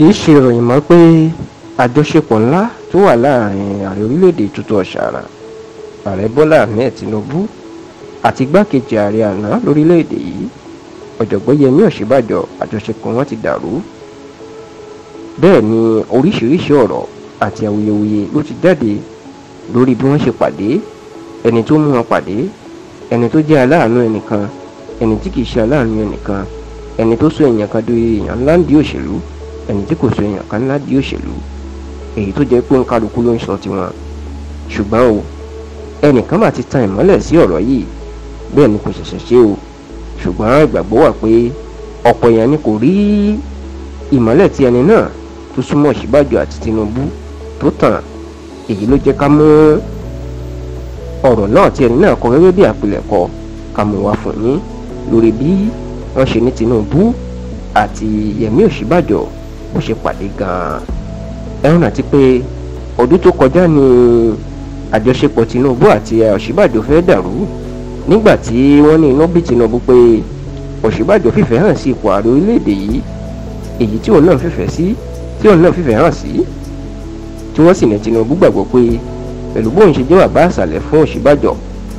kì í ṣe ìròyìn mọ́ pé àjọṣepọ̀ ńlá tó wà láàrin ààrẹ orílẹ̀-èdè tuntun ọ̀ṣàrà ààrẹ bọ́lá ahmed tinubu àti igbákejì ààrẹ àná lórílẹ̀-èdè yìí ọ̀jọ̀gbọ́n yẹmí ọ̀ṣínbàjò àjọṣepọ̀ wọn ti dàrú bẹ́ẹ̀ ni oríṣiríṣi ọ̀rọ̀ àti awuyewuye ló ti jáde lórí bí wọ́n ṣe pàdé ẹni tó mú wọn pàdé ẹni tó jẹ́ aláàánú ẹnìkan ẹni tí kìí ṣe aláàánú ẹnìkan ẹni tó sọ èèyàn kan di èèyàn ńlá ń di òṣèlú ẹni tí kò so èèyàn kan ládìí òṣèlú èyí tó jẹ́ pé ń kálukú ló ń sọ tiwọn ṣùgbọ́n o ẹnìkan mà ti tan ìmọ́lẹ̀ sí ọ̀rọ̀ yìí bẹ́ẹ̀ ni kò ṣẹ̀ṣẹ̀ ṣe o ṣùgbọ́n ìgbàgbọ́ wà pé ọ̀pọ̀ èèyàn ni kò rí ìmọ́lẹ̀ tí ẹni náà tó súnmọ́ Ọ̀ṣínbàjò àti Tinubu tó tàn èyí ló jẹ́ ká mú ọ̀rọ̀ náà tí ẹni náà kọ gẹ́gẹ́ bí àpilẹ̀kọ ká mú wá fún yín lórí bí wọ́n ṣe ní Tinubu àti Yẹmí Ọ̀ṣínbàjò bó ṣe pàdé gan-an ẹ ń rántí pé ọdún tó kọjá ni àjọṣepọ̀ Tinubu àti Ọ̀ṣínbàjò fẹ́ dàrú nígbà tí wọ́n ní iná bí Tinubu pé Ọ̀ṣínbàjò fìfẹ́ hàn sí ipò ààrẹ orílẹ̀-èdè yìí èyí tí òun náà fìfẹ́ sí tí òun náà fìfẹ́ hàn sí tí wọ́n sì ní Tinubu gbàgbọ́ pé pẹ̀lú bóun ṣe jẹ́ bàbá àṣàlẹ̀ fún Ọ̀ṣínbàjò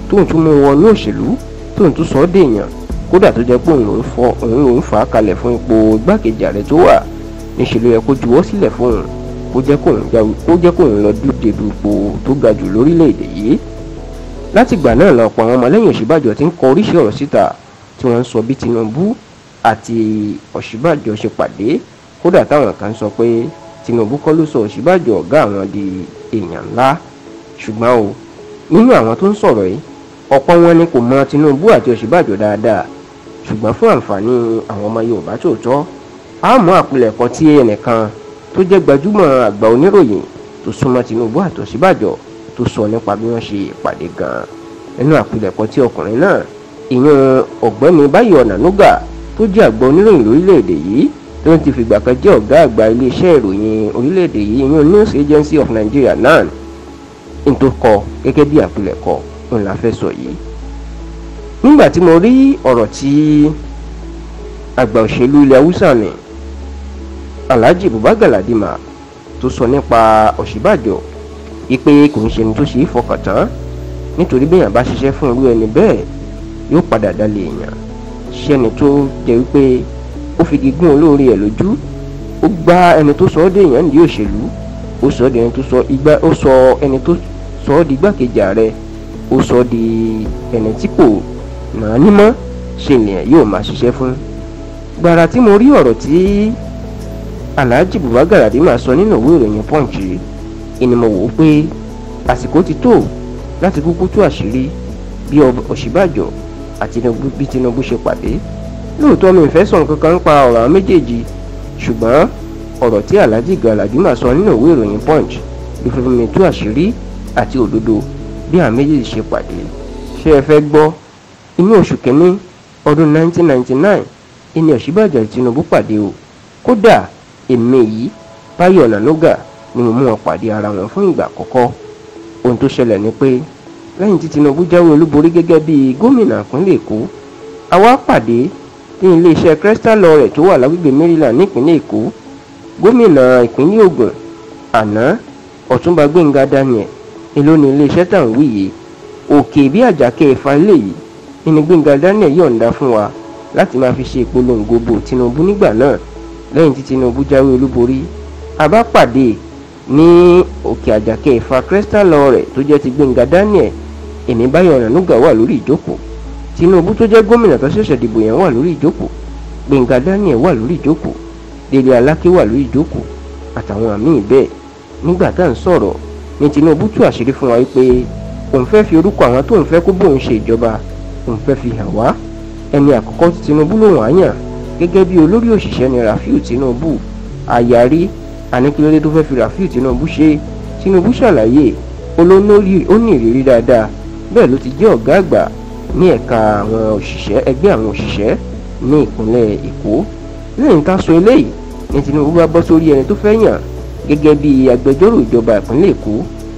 tóun tún mú wọnú òṣèlú tóun tún sọ ọ́ dèèyàn kódà tó jẹ́ pé òun lòún fa kalẹ̀ fún ipò igbákejì ààrẹ tó wà níṣẹ́ ló yẹ kó juwọ́ sílẹ̀ fún òun kó jẹ́ kóun lọ dúdé dupò tó ga jù lórílẹ̀‐èdè yìí látìgbà náà lọ́pọ̀ àwọn ọmọlẹ́yìn òṣìbàjò ti ń kọ oríṣi ọ̀rọ̀ síta tí wọ́n ń sọ bí Tinubu àti òṣìbàjò ṣe pàdé kódà táwọn kan sọ pé Tinubu kọ́ ló sọ òṣìbàjò ọ̀gá àwọn di èèyàn ńlá ṣùgbọ́n o nínú àwọn tó ń sọ̀rọ̀ yìí ọ̀pọ̀ wọn ni kò mọ Tinubu àti òṣìbàjò dáadáa ṣùgbọ́n fún àǹfààní àwọn ọmọ Yorùbá tòótọ́ a mú àpilẹ̀kọ tí ẹnìkan tó jẹ́ gbajúmọ̀ àgbà oníròyìn tó súnmọ́ Tinubu àtòsíbàjọ tó sọ nípa bí wọ́n ṣe ìpàdé gan-an nínú àpilẹ̀kọ tí ọkùnrin náà ìyẹn ọ̀gbẹ́ni Báyọ̀ Ọ̀nànúgà tó jẹ́ àgbà oníròyìn lórílẹ̀‐èdè yìí tó ń ti fìgbà kan jẹ́ ọ̀gá àgbà iléeṣẹ́ ìròyìn orílẹ̀‐èdè yìí ìyẹn News Agency of Nigeria NAN n tó kọ gẹ́gẹ́ bí àpilẹ̀kọ òun la fẹ́ sọ yìí nígbà tí mo rí ọ̀rọ̀ tí àgbà òṣèlú ilẹ̀ Haúsá ni Alhaji Buba Galadima tó sọ nípa Ọ̀ṣínbàjò wípé kì í ṣe ẹni tó ṣe é fọkàn tán nítorí béèyàn bá ṣiṣẹ́ fún irú ẹni bẹ́ẹ̀ yóò padà dalẹ̀ èèyàn ṣẹ́ni tó jẹ́ wípé ó fi gígùn olóore ẹ̀ lójú ó gbá ẹni tó sọ ọ́ dé èèyàn nídìí òṣèlú ó sọ ẹni tó sọ igbá ó sọ ẹni tó sọ ọ́ di igbákejì ààrẹ ó sọ ọ́ di ẹni tí kò nàá nímọ́ ṣe nìyẹn yóò máa ṣiṣẹ́ fún gbàrà tí mo rí ọ̀rọ̀ tí Alhaji Buba Galadima sọ nínú ìwé ìròyìn Punch ẹni mo wò ó pé àsìkò ti tó láti kúkú tú àṣírí bí Ọ̀ṣínbàjò àti bí Tinubu ṣe pàdé lóòótọ́ mi fẹ́ sọ nǹkan kan pa ọ̀rọ̀ àwọn méjèèjì ṣùgbọ́n ọ̀rọ̀ tí Alhaji Galadima sọ nínú ìwé ìròyìn Punch ló tú àṣírí àti òdodo bí àwọn méjèèjì ṣe pàdé ṣé ẹ fẹ́ gbọ́ inú oṣù kínní ọdún 1999 ìní Ọ̀ṣínbàjò àti Tinubu pàdé o kódà èmi yìí Báyọ̀ Ọ̀nànúgà ni mo mú wọn pàdé ara wọn fún ìgbà àkọ́kọ́ ohun tó ṣẹlẹ̀ ni pé lẹ́yìn tí Tinubu jáwé olúborí gẹ́gẹ́ bíi gómìnà ìpínlẹ̀ Èkó àwa pàdé ní iléeṣẹ́ Crystal Lore tó wà lágbègbè Maryland nípínlẹ̀ Èkó gómìnà ìpínlẹ̀ Ògùn àná Ọ̀túnba Gbẹ́ngà Daniel èló ni iléeṣẹ́ tá à ń wí yìí òkè bí àjàkẹ́ ẹ̀fà ilé yìí nínú Daniel yọ̀ǹda fún wa láti máa fi ṣe ìpolongo bò Tinubu nígbà náà lẹ́yìn tí Tinubu jáwé olúborí àbá pàdé ní òkè àjàkẹ́ ìfà crystal lọ́ọ̀rẹ̀ tó jẹ́ ti Gbẹ̀ngà Daniel èmi Báyọ̀ Ọ̀nànúgà wà lórí ìjókòó Tinubu tó jẹ́ gómìnà tó ṣẹ̀ṣẹ̀ dìbò yẹn wà lórí ìjókòó Gbẹ̀ngà Daniel wà lórí ìjókòó Délé Aláké wà lórí ìjókòó àtàwọn àmì bẹ́ẹ̀ nígbà tá à ń sọ̀rọ̀ ni Tinubu tú àṣírí fún wa wípé òun fẹ́ fi orúkọ àwọn tó fẹ́ kó bóun ṣe ìjọba òun fẹ́ fi hàn wá ẹni àkọ́kọ́ Tinubu lòun á gẹ́gẹ́ bí olórí òṣìṣẹ́ ní Rafiu Tinubu ayari anikilode tó fẹ́ fi Rafiu Tinubu ṣe Tinubu ṣàlàyé olónórí ó ní ìrírí dáadáa bẹ́ẹ̀ ló ti jẹ́ ọ̀gá àgbà ní ẹ̀ka àwọn òṣìṣẹ́ ẹgbẹ́ àwọn òṣìṣẹ́ ní ìpínlẹ̀ Èkó lẹ́yìn ká sọ eléyìí ni Tinubu bá bọ́ sórí ẹni tó fẹ́ yàn gẹ́gẹ́ bí agbẹjọ́rò ìjọba ìpínlẹ̀ Èkó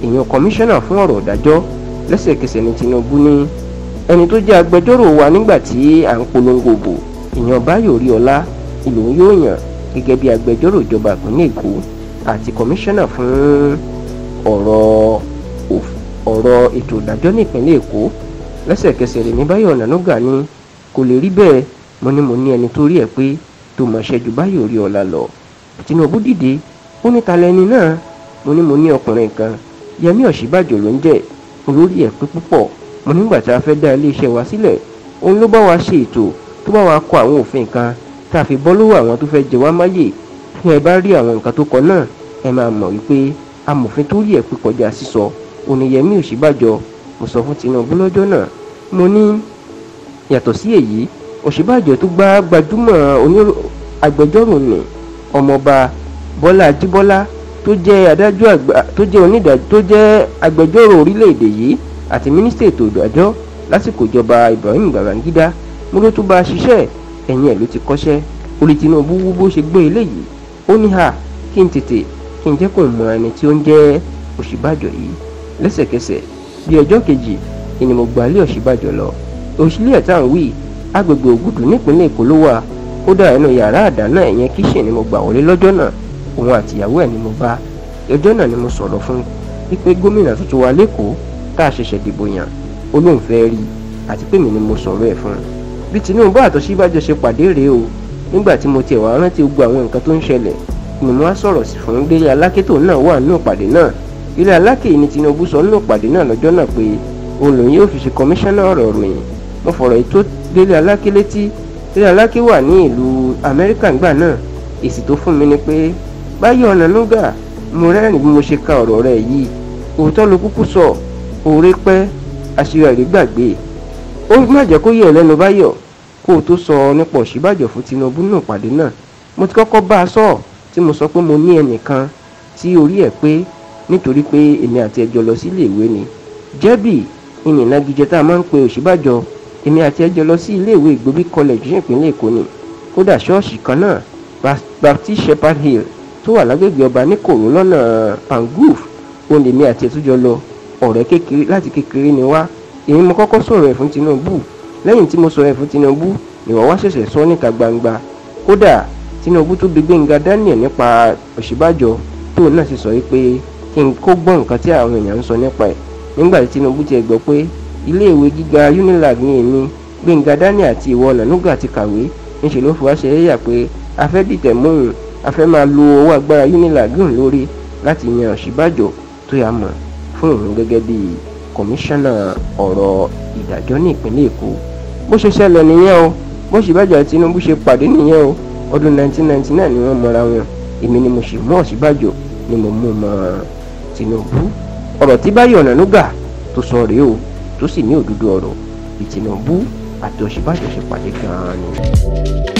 èèyàn kọmíṣánná fún ọ̀rọ̀ ìdájọ́ lẹ́sẹ̀kẹsẹ̀ ni Tinubu ní ẹni tó jẹ́ agbẹjọ́rò wa nígbà tí à ń polongo bò ìyàn Báyọ̀ Oríọlá ìlòun yóò yàn gẹ́gẹ́ bí agbẹjọ́rò ìjọba ìpínlẹ̀ Èkó àti kọmíṣánná fún ọ̀rọ̀ ètò ìdájọ́ nípínlẹ̀ Èkó lẹ́sẹ̀kẹsẹ̀ Rẹ̀mí Báyọ̀ Ọ̀nànúgà ni kò lè rí bẹ́ẹ̀ mo ní mo ní ẹni tó rí ẹ̀ pé tó mọ̀ọ́ṣẹ́ ju Báyọ̀ Oríọlá lọ Tinubu dìde ó ní ta lẹni náà mo ní mo ní ọkùnrin kan Yẹmí Ọ̀ṣínbàjò ló ń jẹ́ olórí ẹ̀ pé púpọ̀ mo nígbà tá a fẹ́ dá iléeṣẹ́ wa sílẹ̀ òun ló bá wa ṣe ètò tó bá wàá kọ àwọn òfin kan tá a fi bọ́ lọ́wọ́ àwọn tó fẹ́ jẹ wá máyè tí ẹ bá rí àwọn nǹkan tó kọ náà ẹ máa mọ̀ wípé amòfin tó rí ẹ̀ pé kọjá sísọ oníyẹmí òṣìbàjọ mo sọ fún Tinubu lọ́jọ́ náà mo ní yàtọ̀ sí èyí òṣìbàjọ tó gbá gbajúmọ̀ agbẹjọ́rò nì ọmọọba Bọ́lá Ajíbọ́lá tó jẹ́ adájọ́ tó jẹ́ onídàájọ́ tó jẹ́ agbẹjọ́rò orílẹ̀-èdè yìí àti mínísítà ètò ìdájọ́ lásìkò ìjọba Ibrahim Babangida mo ló tún bá a ṣiṣẹ́ ẹ̀yìn ẹ̀ ló ti kọ́ṣẹ́ orí Tinubu wú bó ṣe gbé eléyìí ó ní ha kí n tètè kí n jẹ́ kó mọ ẹni tí ó ń jẹ́ Ọ̀ṣínbàjò yìí lẹ́sẹ̀kẹsẹ̀ bí ọjọ́ kejì ni mo gba ilé Ọ̀ṣínbàjò lọ òṣìlẹ̀ tá à wí agbègbè Ògùdù nípínlẹ̀ Èkó ló wà kódà ẹnu yàrá àdáná ẹ̀yẹn kíṣìn ni mo gbà wọlé lọ́jọ́ náà òun àtìyàwó ẹ̀ ni mo bá ọjọ́ náà ni mo sọ̀rọ̀ fún wípé gómìnà tuntun wa lẹ́kọ̀ọ́ tá a ṣẹ̀ṣẹ̀ dìbò yàn ó rí àti pé ni mo sọ̀rọ̀ ẹ̀ fún un bí Tinubu àtọ̀síbájọ ṣe pàdé rèé o nígbà tí mo tiẹ̀ wá rántí gbogbo àwọn nǹkan tó ń ṣẹlẹ̀ ni mo á sọ̀rọ̀ sí fún Délé Aláké náà wà nínú ìpàdé náà Délé Aláké ni Tinubu sọ nínú ìpàdé náà lọ́jọ́ náà pé olùyìn yóò fi ṣe kọmíṣánná ọ̀rọ̀ ròyìn mo fọ̀rọ̀ ètò létí wà ní ìlú Amẹ́ríkà náà èsì tó fún mi ni pé Báyọ̀ mo rẹ́rìn bí mo ṣe ka ọ̀rọ̀ rẹ̀ yìí òótọ́ ló kúkú sọ kó o tó sọ nípa Ọ̀ṣínbàjò fún Tinubu nù pàdé náà mo ti kọ́kọ́ bá a sọ tí mo sọ pé mo ní ẹnìkan tí orí ẹ̀ pé nítorí pé èmi àti ẹjọ́ lọ sí iléèwé ni jẹ́bì ìnìnagijẹ tá a máa ń pe Ọ̀ṣínbàjò èmi àti ẹjọ́ lọ sí iléèwé Ìgbòbí college ní ìpínlẹ̀ Èkó ni kódà ṣọ́ọ̀ṣì kan náà Baptist Shepherd Hill tó wà lágbègbè ọba níkòrò lọ́nà Panguf òun lèmi àti ẹ̀túnjọ lọ ọ̀rẹ́ kékeré láti kékeré ni wá èmi mo kọ́kọ́ sọ̀rọ̀ ẹ̀ fún Tinubu lẹ́yìn tí mo sọ yẹn fún Tinubu ni wọ́n wá ṣẹ̀ṣẹ̀ sọ níta gbangba kódà Tinubu tó bi Gbẹ́ngà Daniel nípa Ọ̀ṣínbàjò tóun náà sì sọ yìí pé kí n kó gbọ́ nǹkan tí àwọn èèyàn ń sọ nípa ẹ̀ nígbà tí Tinubu ti gbọ́ pé iléèwé gíga Unilag ni èmi Gbẹ́ngà Daniel àti ìwọ Nànúgà ti kàwé níṣẹ́ ló fi wá ṣe é pé a fẹ́ dìtẹ̀ mọ́hùn a fẹ́ máa lo owó agbára Unilag lórí láti yan Ọ̀ṣínbàjò tó yà mọ̀ fún òun gẹ́gẹ́ bíi kọmíṣánná ọ̀rọ̀ ìdájọ́ ní ìpínlẹ̀ Èkó bó ṣe ṣẹlẹ̀ nìyẹn o bó Ọ̀ṣínbàjò àti Tinubu ṣe pàdé nìyẹn o ọdún 1999 ni wọ́n mọ̀ra wọn èmi ni mo ṣì mú Ọ̀ṣínbàjò ni mo mú mọ́ Tinubu ọ̀rọ̀ tí Báyọ̀ Ọ̀nànúgà tó sọ rèé o tó sì ní òdodo ọ̀rọ̀ bí Tinubu àti Ọ̀ṣínbàjò ṣe pàdé gan-an ni.